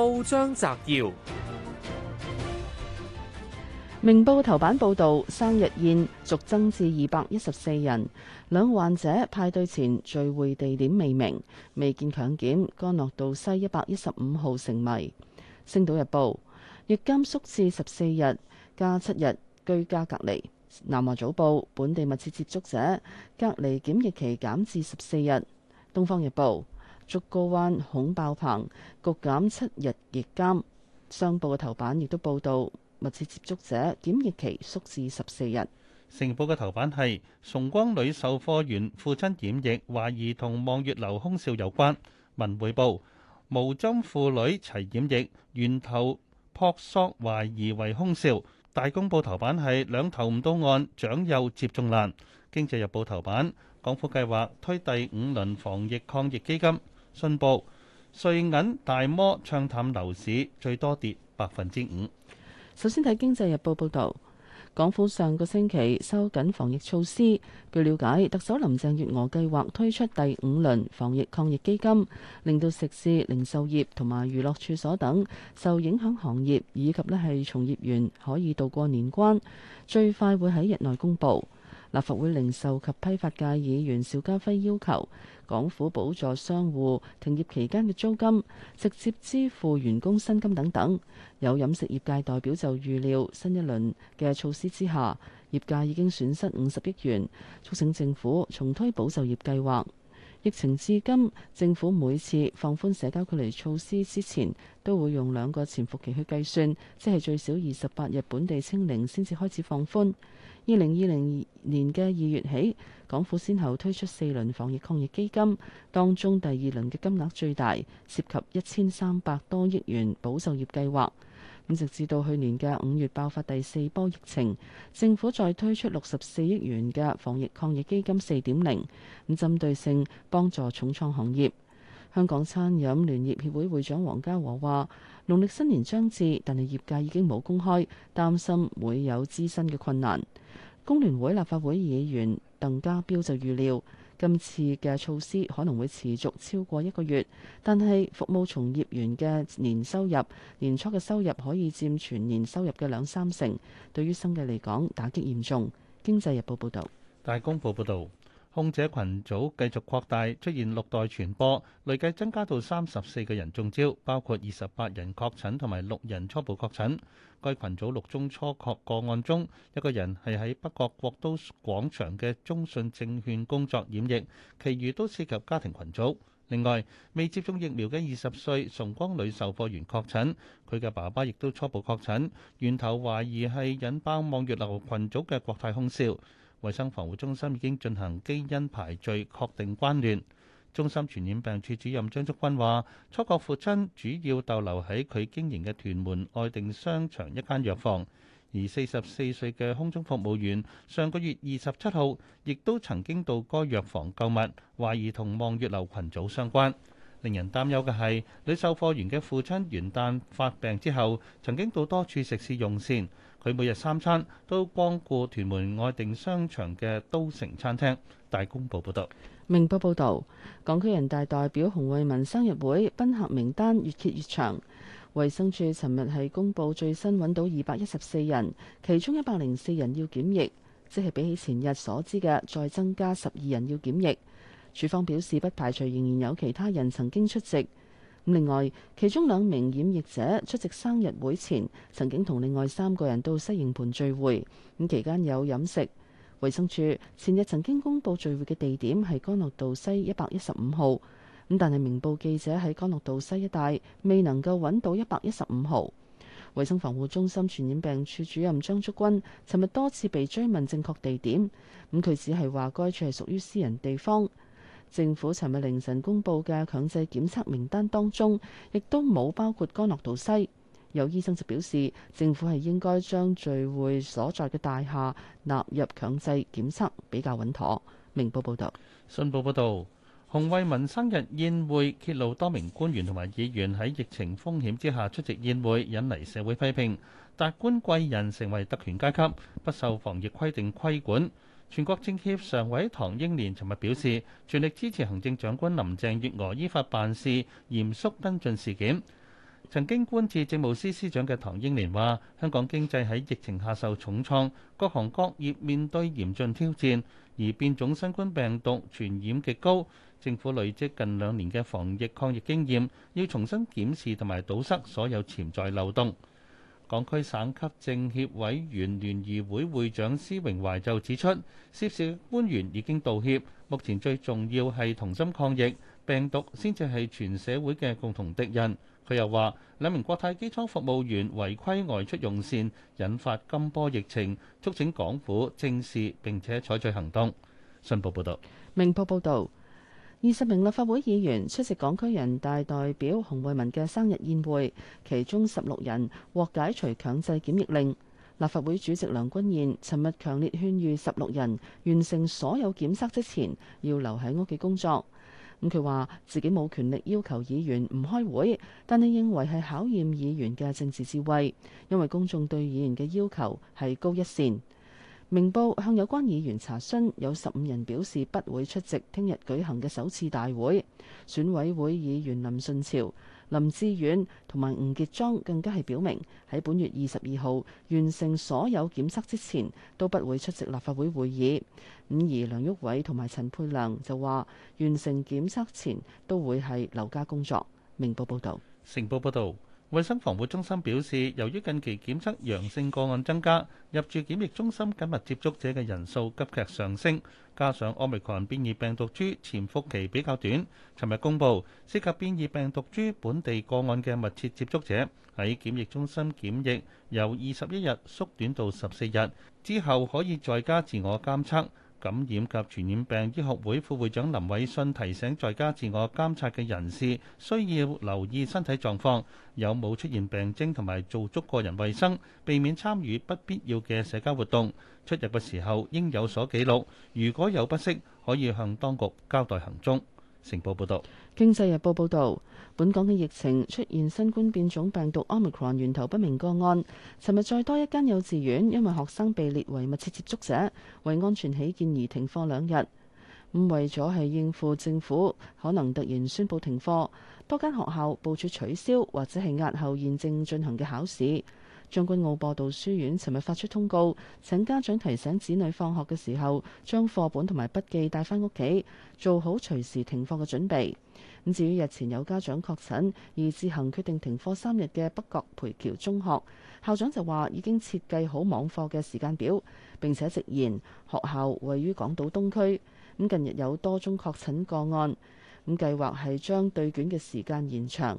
報章摘要：明報頭版報道，生日宴續增至二百一十四人，兩患者派對前聚會地點未明，未見強檢，干諾道西一百一十五號成謎。星島日報：粵金縮至十四日加七日居家隔離。南華早報：本地密切接觸者隔離檢疫期減至十四日。東方日報。竹篙灣恐爆棚，局減七日熱監。商報嘅頭版亦都報道密切接觸者檢疫期縮至十四日。成報嘅頭版係崇光女售貨員父親染疫，懷疑同望月樓空少有關。文匯報，無針婦女齊染疫，源頭撲朔，懷疑為空少。大公報頭版係兩頭唔到岸，長幼接種難。經濟日報頭版，港府計劃推第五輪防疫抗疫基金。信報稅銀大摩唱淡樓市，最多跌百分之五。首先睇經濟日報報導，港府上個星期收緊防疫措施。據了解，特首林鄭月娥計劃推出第五輪防疫抗疫基金，令到食肆、零售業同埋娛樂處所等受影響行業以及呢係從業員可以度過年關，最快會喺日內公布。立法會零售及批發界議員邵家輝要求，港府補助商戶停業期間嘅租金，直接支付員工薪金等等。有飲食業界代表就預料，新一輪嘅措施之下，業界已經損失五十億元，促請政府重推保就業計劃。疫情至今，政府每次放寬社交距離措施之前，都會用兩個潛伏期去計算，即係最少二十八日本地清零先至開始放寬。二零二零年嘅二月起，港府先後推出四輪防疫抗疫基金，當中第二輪嘅金額最大，涉及一千三百多億元保就業計劃。咁直至到去年嘅五月爆發第四波疫情，政府再推出六十四億元嘅防疫抗疫基金四點零，咁針對性幫助重創行業。香港餐飲聯業協會會長黃家和話，農曆新年將至，但係業界已經冇公開，擔心會有資薪嘅困難。工聯會立法會議員鄧家彪就預料，今次嘅措施可能會持續超過一個月，但係服務從業員嘅年收入，年初嘅收入可以佔全年收入嘅兩三成，對於新嘅嚟講打擊嚴重。經濟日報報道。大公報報導。空姐群組繼續擴大，出現六代傳播，累計增加到三十四個人中招，包括二十八人確診同埋六人初步確診。該群組六宗初確個案中，一個人係喺北角國都廣場嘅中信證券工作染疫，其餘都涉及家庭群組。另外，未接種疫苗嘅二十歲崇光女售貨員確診，佢嘅爸爸亦都初步確診。源頭懷疑係引爆望月樓群組嘅國泰空少。衛生防護中心已經進行基因排序，確定關聯。中心傳染病處主任張竹君話，初國父親主要逗留喺佢經營嘅屯門愛定商場一間藥房，而四十四歲嘅空中服務員上個月二十七號，亦都曾經到該藥房購物，懷疑同望月樓群組相關。令人擔憂嘅係，女售貨員嘅父親元旦發病之後，曾經到多處食肆用膳。佢每日三餐都光顧屯門愛定商場嘅都城餐廳。大公報報道：「明報報道，港區人大代表洪為民生日會賓客名單越揭越長。衛生署尋日係公佈最新揾到二百一十四人，其中一百零四人要檢疫，即係比起前日所知嘅再增加十二人要檢疫。署方表示不排除仍然有其他人曾經出席。另外，其中兩名染疫者出席生日會前，曾經同另外三個人到西營盤聚會，咁期間有飲食。衛生署前日曾經公布聚會嘅地點係干諾道西一百一十五號，咁但係明報記者喺干諾道西一帶未能夠揾到一百一十五號。衛生防護中心傳染病處主任張竹君尋日多次被追問正確地點，咁佢只係話該處係屬於私人地方。政府尋日凌晨公佈嘅強制檢測名單當中，亦都冇包括甘諾道西。有醫生就表示，政府係應該將聚會所在嘅大廈納入強制檢測，比較穩妥。明報報道。信報報導，洪為民生日宴會揭露多名官員同埋議員喺疫情風險之下出席宴會，引嚟社會批評。達官貴人成為特權階級，不受防疫規定規管。全國政協常委唐英年尋日表示，全力支持行政長官林鄭月娥依法辦事，嚴肅跟進事件。曾經官至政務司司長嘅唐英年話，香港經濟喺疫情下受重創，各行各業面對嚴峻挑戰，而變種新冠病毒傳染極高。政府累積近兩年嘅防疫抗疫經驗，要重新檢視同埋堵塞所有潛在漏洞。港區省級政協委員聯誼會會長施榮懷就指出，涉事官員已經道歉，目前最重要係同心抗疫，病毒先至係全社會嘅共同敵人。佢又話，兩名國泰機艙服務員違規外出用膳，引發今波疫情，促請港府正視並且採取行動。信報報導，明報報導。二十名立法會議員出席港區人大代表洪為民嘅生日宴會，其中十六人獲解除強制檢疫令。立法會主席梁君彥尋日強烈勸喻十六人完成所有檢測之前，要留喺屋企工作。咁佢話自己冇權力要求議員唔開會，但係認為係考驗議員嘅政治智慧，因為公眾對議員嘅要求係高一線。明報向有關議員查詢，有十五人表示不會出席聽日舉行嘅首次大會。選委會議員林順潮、林志遠同埋吳傑莊更加係表明，喺本月二十二號完成所有檢測之前，都不會出席立法會會議。伍怡、梁毓偉同埋陳佩亮就話，完成檢測前都會係留家工作。明報報導，成報報導。衛生防護中心表示，由於近期檢測陽性個案增加，入住檢疫中心緊密接觸者嘅人數急劇上升，加上奧密克戎變異病毒株潛伏期比較短，尋日公布涉及變異病毒株本地個案嘅密切接觸者喺檢疫中心檢疫由二十一日縮短到十四日，之後可以在家自我監測。感染及傳染病醫學會副會長林偉信提醒在家自我監察嘅人士，需要留意身體狀況，有冇出現病徵，同埋做足個人衛生，避免參與不必要嘅社交活動，出入嘅時候應有所記錄，如果有不適可以向當局交代行蹤。成報報道，《經濟日報》報道，本港嘅疫情出現新冠變種病毒 Omicron 源頭不明個案。尋日再多一間幼稚園，因為學生被列為密切接觸者，為安全起見而停課兩日。咁、嗯、為咗係應付政府可能突然宣佈停課，多間學校部署取消或者係押後現正進行嘅考試。將軍澳播道書院尋日發出通告，請家長提醒子女放學嘅時候將課本同埋筆記帶翻屋企，做好隨時停課嘅準備。咁至於日前有家長確診而自行決定停課三日嘅北角培僑中學，校長就話已經設計好網課嘅時間表，並且直言學校位於港島東區，咁近日有多宗確診個案，咁計劃係將對卷嘅時間延長。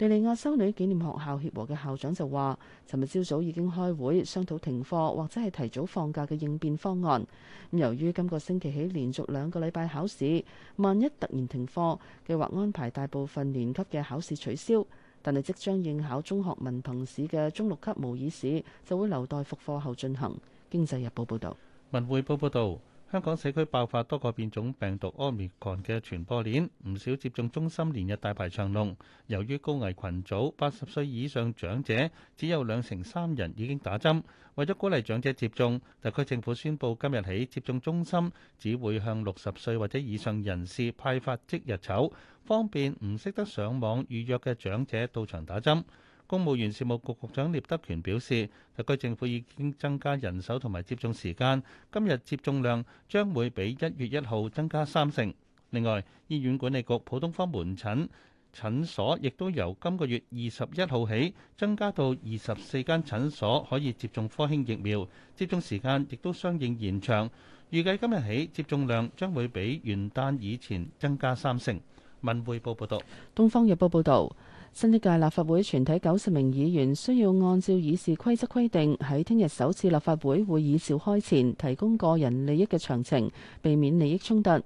地利亞修女紀念學校協和嘅校長就話，尋日朝早已經開會商討停課或者係提早放假嘅應變方案。咁由於今個星期起連續兩個禮拜考試，萬一突然停課，計劃安排大部分年級嘅考試取消。但係即將應考中學文憑試嘅中六級模擬試就會留待復課後進行。經濟日報報導，文匯報報導。香港社區爆發多個變種病毒奧密克嘅傳播鏈，唔少接種中心連日大排長龍。由於高危群組八十歲以上長者只有兩成三人已經打針，為咗鼓勵長者接種，特區政府宣布今日起接種中心只會向六十歲或者以上人士派發即日籌，方便唔識得上網預約嘅長者到場打針。公務員事務局局長聶德權表示，特區政府已經增加人手同埋接種時間，今日接種量將會比一月一號增加三成。另外，醫院管理局普通科門診診所亦都由今個月二十一號起增加到二十四間診所可以接種科興疫苗，接種時間亦都相應延長。預計今日起接種量將會比元旦以前增加三成。文匯報報道，東方日報報道，新一屆立法會全體九十名議員需要按照議事規則規定，喺聽日首次立法會會議召開前提供個人利益嘅詳情，避免利益衝突。咁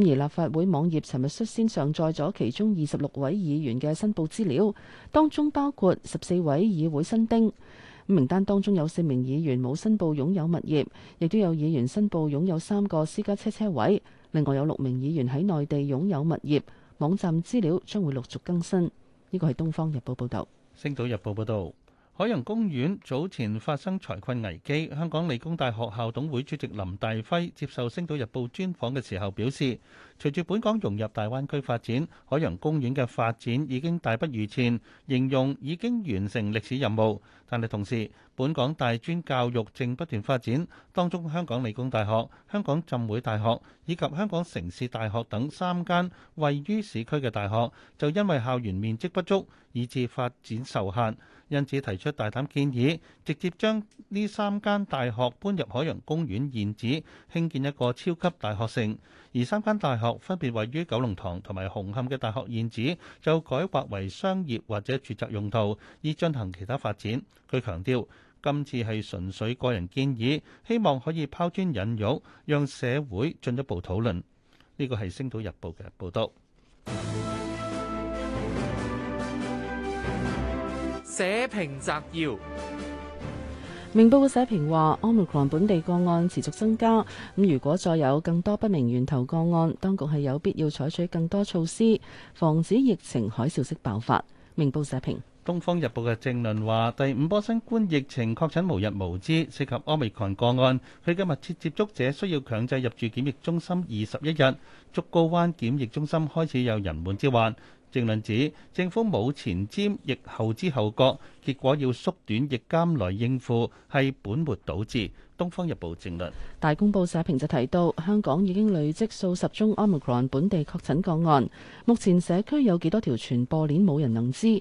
而立法會網頁尋日率先上載咗其中二十六位議員嘅申報資料，當中包括十四位議會新丁。名單當中有四名議員冇申報擁有物業，亦都有議員申報擁有三個私家車車位。另外有六名議員喺內地擁有物業。網站資料將會陸續更新，呢個係《東方日報》報導，《星島日報》報導。海洋公園早前發生財困危機，香港理工大學校董會主席林大輝接受《星島日報》專訪嘅時候表示，隨住本港融入大灣區發展，海洋公園嘅發展已經大不如前，形容已經完成歷史任務。但係同時，本港大專教育正不斷發展，當中香港理工大學、香港浸會大學以及香港城市大學等三間位於市區嘅大學，就因為校園面積不足，以致發展受限。因此提出大膽建議，直接將呢三間大學搬入海洋公園現址，興建一個超級大學城。而三間大學分別位於九龍塘同埋紅磡嘅大學現址就改劃為商業或者住宅用途，以進行其他發展。佢強調，今次係純粹個人建議，希望可以拋磚引玉，讓社會進一步討論，呢個係星島日報嘅報道。 社評摘要：明報嘅社評話，omicron 本地個案持續增加，咁如果再有更多不明源頭個案，當局係有必要採取更多措施，防止疫情海嘯式爆發。明報社評。東方日報嘅正論話，第五波新冠疫情確診無日無之，涉及 omicron 個案，佢嘅密切接觸者需要強制入住檢疫中心二十一日。竹篙灣檢疫中心開始有人滿之患。政論指政府冇前瞻，亦後知後覺，結果要縮短疫監來應付，係本末倒置。《東方日報》政論。大公報社評就提到，香港已經累積數十宗奧密克戎本地確診個案，目前社區有幾多條傳播鏈冇人能知，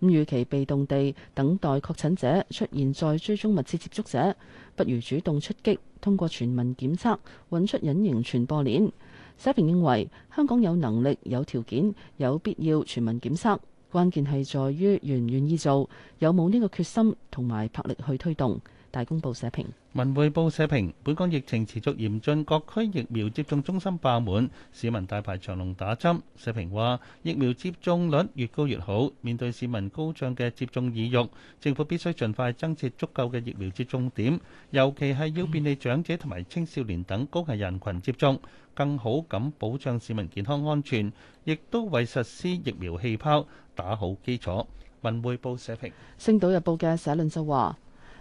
與其被動地等待確診者出現再追蹤密切接觸者，不如主動出擊，通過全民檢測揾出隱形傳播鏈。社評認為香港有能力、有條件、有必要全民檢測，關鍵係在於願唔願意做，有冇呢個決心同埋魄力去推動。大公報社評。文匯報社評，本港疫情持續嚴峻，各區疫苗接種中心爆滿，市民大排長龍打針。社評話：疫苗接種率越高越好。面對市民高漲嘅接種意欲，政府必須盡快增設足夠嘅疫苗接種點，尤其係要便利長者同埋青少年等高危人群接種，更好咁保障市民健康安全，亦都為實施疫苗氣泡打好基礎。文匯報社評，《星島日報》嘅社論就話。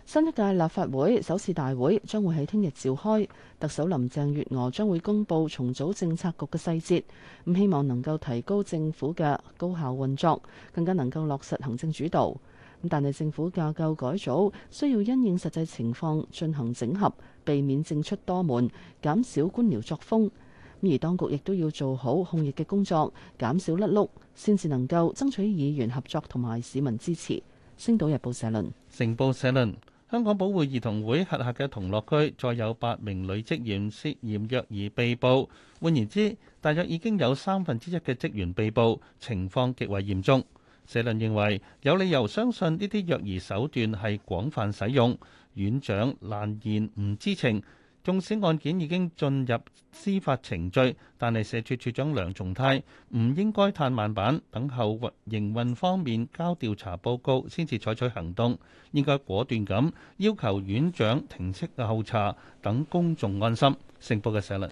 新一屆立法會首次大會將會喺聽日召開，特首林鄭月娥將會公布重組政策局嘅細節。咁希望能夠提高政府嘅高效運作，更加能夠落實行政主導。但係政府架構改組需要因應實際情況進行整合，避免政出多門，減少官僚作風。而當局亦都要做好控疫嘅工作，減少甩碌，先至能夠爭取議員合作同埋市民支持。《星島日報》社論，《成報》社論。香港保護兒童會轄下嘅童樂居再有八名女職員涉嫌虐兒被捕，換言之，大約已經有三分之一嘅職員被捕，情況極為嚴重。社論認為有理由相信呢啲虐兒手段係廣泛使用，院長難言唔知情。縱使案件已經進入司法程序，但係社署署長梁松泰唔應該嘆慢板，等候運營運方面交調查報告先至採取行動，應該果斷咁要求院長停職候查，等公眾安心。成報嘅社論。